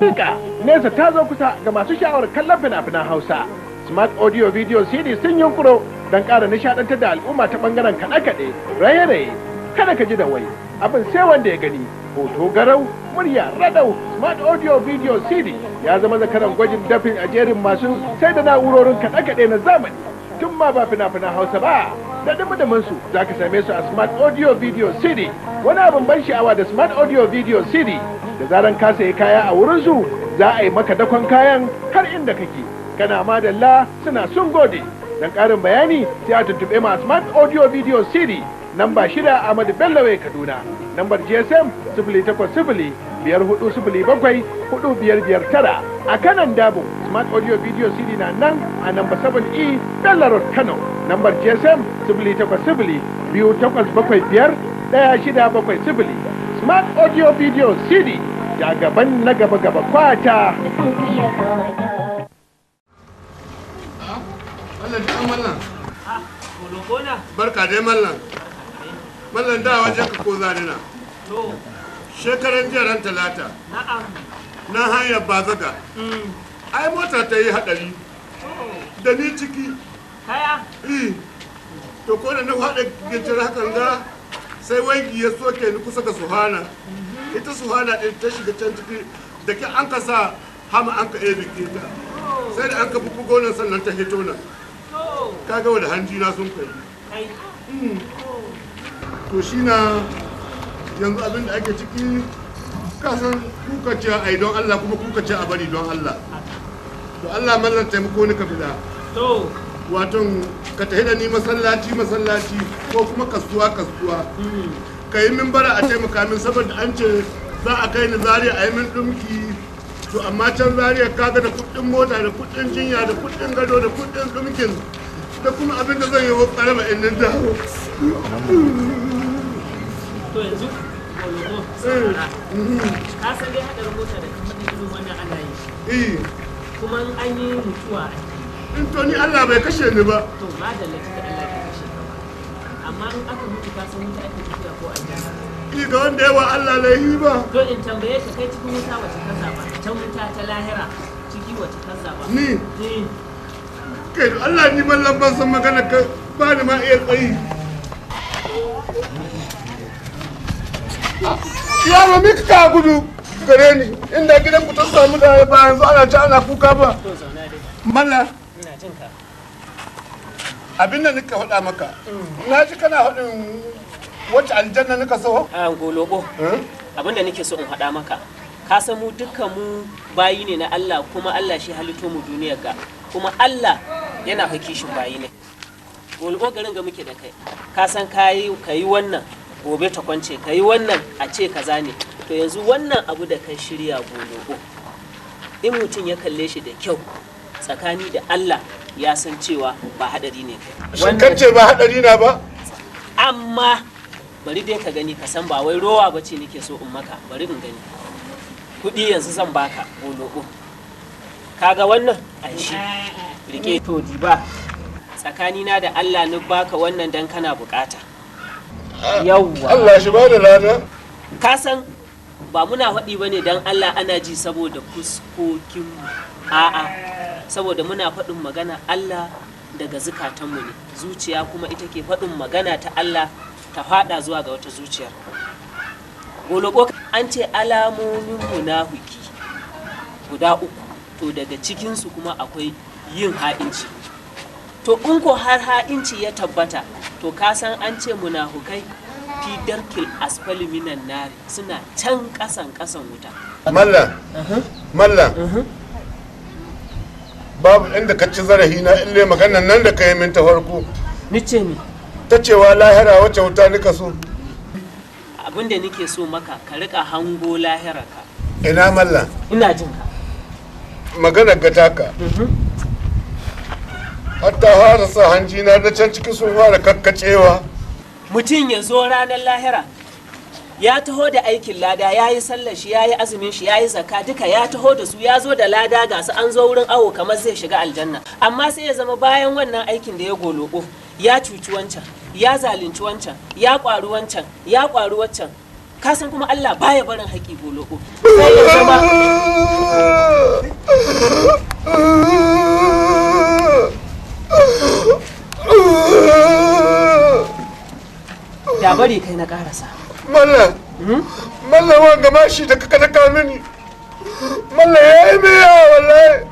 Hakika nesa ta zo kusa ga masu sha'awar kallon fina-finan Hausa. Smart Audio Video CD sun yunkuro don ƙara nishaɗantar da al'umma ta ɓangaren kaɗe-kaɗe, raye-raye, kada ka ji da wai, abin sai wanda ya gani. Hoto garau, murya radau, Smart Audio Video CD ya zama zakaran gwajin dafin a jerin masu sai da na'urorin kaɗe-kaɗe na zamani. Tun ma ba fina-finan Hausa ba, daɗin da su za ka same su a Smart Audio Video CD. Wani abin ban sha'awa da Smart Audio Video CD da zaran ka sayi kaya a wurinsu za a yi maka dakon kayan har inda kake kana madalla suna sun gode don karin bayani sai a tuntuɓe ma smart audio video cd namba shida ahmadu bellowe kaduna nambar gsm sifili takwas sifili biyar hudu sifili bakwai hudu biyar biyar tara a kanan dabo smart audio video cd na nan a namba 7e road kano nambar gsm sifili takwas sifili biyu takwas bakwai biyar daya shida bakwai sifili smart audio video cd ga gaban na gaba gaba kwata mallan da ka ko na shekaran talata na hanyar ba bazaga ai mota ta yi hadari da ni ciki kaya eh. to ko da na faɗa gajiyar hakan ga sai wangi ya soke ni kusa ga suhana ita su hana ɗin ta shiga can ciki da ke an ka sa hama an ka ebe ke ta sai da an ka buku gonan sannan ta hito nan ka ga da hanji na sun kai hmm. to shi na yanzu abin da ake ciki kasan kuka ce a don Allah kuma kuka ce a bari don Allah to Allah mallan taimako ni ka fida waton ka ta da ni masallaci masallaci ko kuma kasuwa kasuwa hmm. ka yi min bara a taimaka min saboda an ce za a kai ni zariya a yi min dumki to amma can zariya ga da kuɗin mota da kuɗin jinya da kuɗin gado da kuɗin dumkin da kuma abin da zan yi wa karaba in nan dawo. to yanzu ka san dai haɗarin mota da kamar irin wannan yi eh. kuma an yi mutuwa in to ni Allah bai kashe ni ba to madalla Allah. amma in aka mutu ka san wuta ake tafiya ko aljanna ni ga wanda yawa Allah laihi ba to in tambaye ka kai cikin wuta wace ka zaba ta wuta ta lahira ciki wace ka zaba ni kai Allah ni mallan ban san magana ka ba ni ma iya tsayi ma mika ka gudu gare ni inda gidan ku ta samu da ba yanzu ana ci ana kuka ba mallan ina jin ka abin da nika faɗa maka na ji kana faɗin wacce aljanna nika so a ah, golobo eh? abin da nake so in faɗa maka ka san mu duka mu bayi ne na Allah kuma Allah shi halitto mu duniyar ga kuma Allah yana shi bayi ne golobo garin ga muke da kai ka san kayi kayi wannan gobe ta kwance kayi wannan a ce kaza ne to yanzu wannan abu da kan shirya golobo in mutum ya kalle shi da kyau tsakani da Allah ya san cewa ba hadari ne shin ce ba hadari na ba amma bari dai ka gani ka san ba wai rowa ba ce nake so in maka bari in gani kuɗi yanzu zan baka oloko kaga wannan a shi rike to di Tsakani tsakanina da Allah ni baka wannan dan kana bukata yawwa Allah shi ba da rana. ka san ba muna faɗi bane dan Allah ana ji saboda kuskokin a'a saboda muna faɗin magana Allah daga zukatanmu ne zuciya kuma ita ke faɗin magana ta Allah ta faɗa zuwa ga wata zuciyar goloko an ce alamomin munafiki guda uku to daga cikinsu kuma akwai yin ha'inci to in ko har ha'inci ya tabbata to ka san an ce munafukai fi asfali minan nari suna can kasan kasan wuta malla malla babu inda ka ci zarafi na ille maganar nan da ka yi min ta farko ni ce ni ta cewa lahira wacce wuta nika so abin da nike so maka ka rika hango lahira ka ina malla. ina jin ka magana ga taka mhm. hatta fara sa hanji na da can cikin sun fara kakkacewa mutum ya zo ranar lahira ya taho da aikin lada ya yi sallar shi ya yi azumin shi ya yi zaka duka ya taho da su ya zo da lada ga su an zo wurin awo kamar zai shiga aljanna amma sai ya zama bayan wannan aikin da ya goloko ya cuci wancan ya zalunci wancan ya ƙwari wancan ya ƙwari wancan ka san kuma Allah baya barin haƙi goloko sai ya zama da bari kai na ƙarasa Malla, hmm? malla wanga mashi da kaka daka mini. Malla ya yi miya wallahi.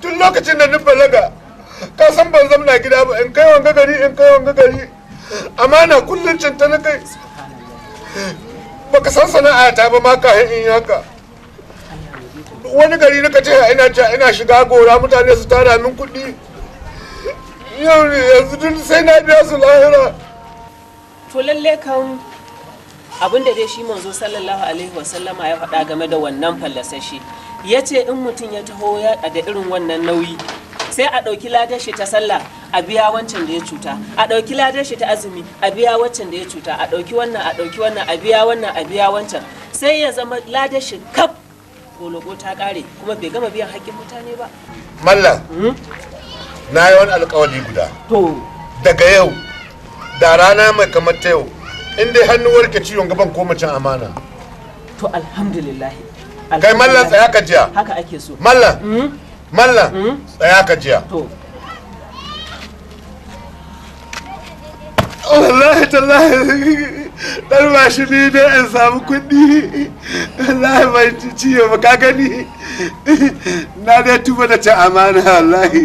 Tun lokacin da nufa laga, ka san ban zamna gida ba in kai wanga gari in kai wanga gari. Amana kullum cinta na kai. Baka san sana'a ta ba ma ka in haka. Wani gari na kace ina ta ina shiga gora mutane su tara min kuɗi. Yau yanzu dun sai na biya su lahira. To lalle kan abin da dai shi manzo sallallahu alaihi wa sallama ya faɗa game da wannan fallasashi ya ce in mutum ya taho ya da irin wannan nauyi sai a ɗauki ladar shi ta sallah a biya wancan da ya cuta a ɗauki ladar shi ta azumi a biya wancan da ya cuta a ɗauki wannan a ɗauki wannan a biya wannan a biya wancan sai ya zama ladar shi kaf gologo ta ƙare kuma bai gama biyan haƙƙin mutane ba mallam hmm? na yi wani alƙawari guda to daga yau da rana mai kamar ta yau in dai hannuwar ka ciwon gaban ko macen amana to alhamdulillah kai mallan tsaya ka jiya haka ake so mallan hmm? mallan hmm? tsaya ka jiya to wallahi tallahi dan ba shi ne in samu kundi wallahi ban ci ba ka gani na dai tuba da ta amana wallahi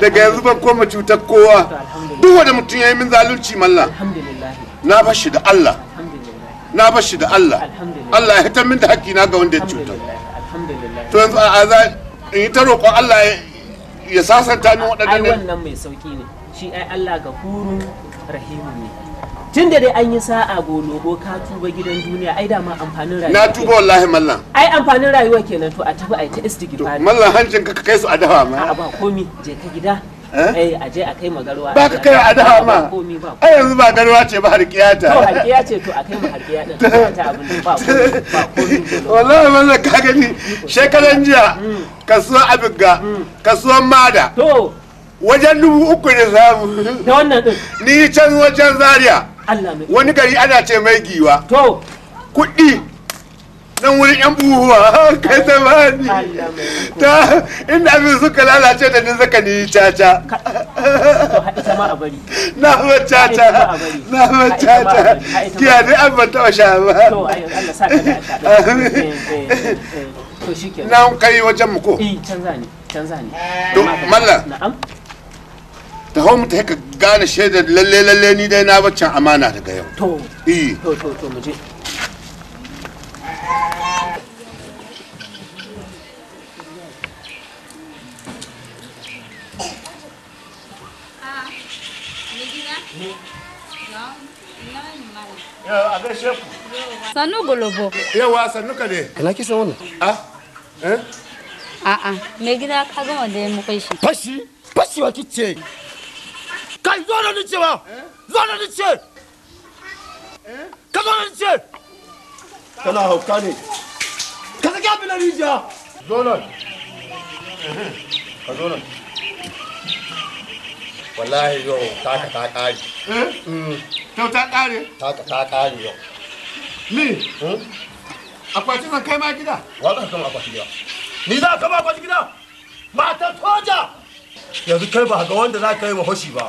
daga yanzu ban koma cutar kowa duk wanda mutum ya yi min zalunci malla na ba shi da Allah na ba shi da Allah Allah ya hitar min da haƙƙi na ga wanda ya cuta to yanzu a za in yi ta roƙon Allah ya sasanta min waɗannan ai wannan mai ne shi ai Allah rahimu ne tun da dai an yi sa'a logo ka tuba gidan duniya ai dama amfanin rayuwa na tuba wallahi mallam ai amfanin rayuwa kenan to a tafi ai ta istighfar mallam hancin ka kai su a ma a ba komi je ka gida eh a je a kai magarwa ba ka kai a dawa ma ai yanzu ba garwa ce ba harkiya ta to harkiya ce to a kai mu harkiya din ta abin ba komi ba komi wallahi mallam ka gani shekaran jiya hmm. kasuwar abigga hmm. kasuwar mada to wajen dubu uku ne samu da wannan din ni can wajen zaria wani gari ana ce mai giwa to kuɗi nan wurin yan buhuwa kai ta bani ta inda abin suka lalace da ni zaka ni caca na ba caca na ba caca giya ne an ban taɓa sha ba na kai wajen mu ko eh, canza ne canza ne malla na'am ta hau mu haka gane shaidar lalle lalle ni dai na baccan amana daga yau to e. to to to muje Sannu golobo. Yawa sannu ka ne. Ina ki san wannan? A? Eh? A'a, me gida ka gama da ya mukai shi. Fashi, fashi wa kice. kai zo da nace ba eh? zo da nace eh? ka zo da nace kana hauka ne ka saki abin rijiya zo nan ka zo nan wallahi yau taka ta kare eh? mm. yau ta kare taka ta kare yau ni hmm? akwatin nan kai ma gida wadan kan akwatin gida ni za ka ba akwatin gida matar soja yanzu kai ba ga wanda za ka yi mahoshi ba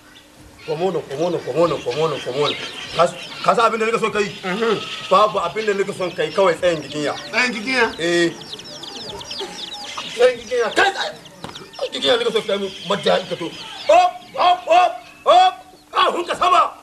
komono komono komono komono komono ka sa abin son kai mhm. babu abinda kai kawai tsayin giginya tsayin giginya eh tsayin giginya kai giginya son kai mu ka to ka sama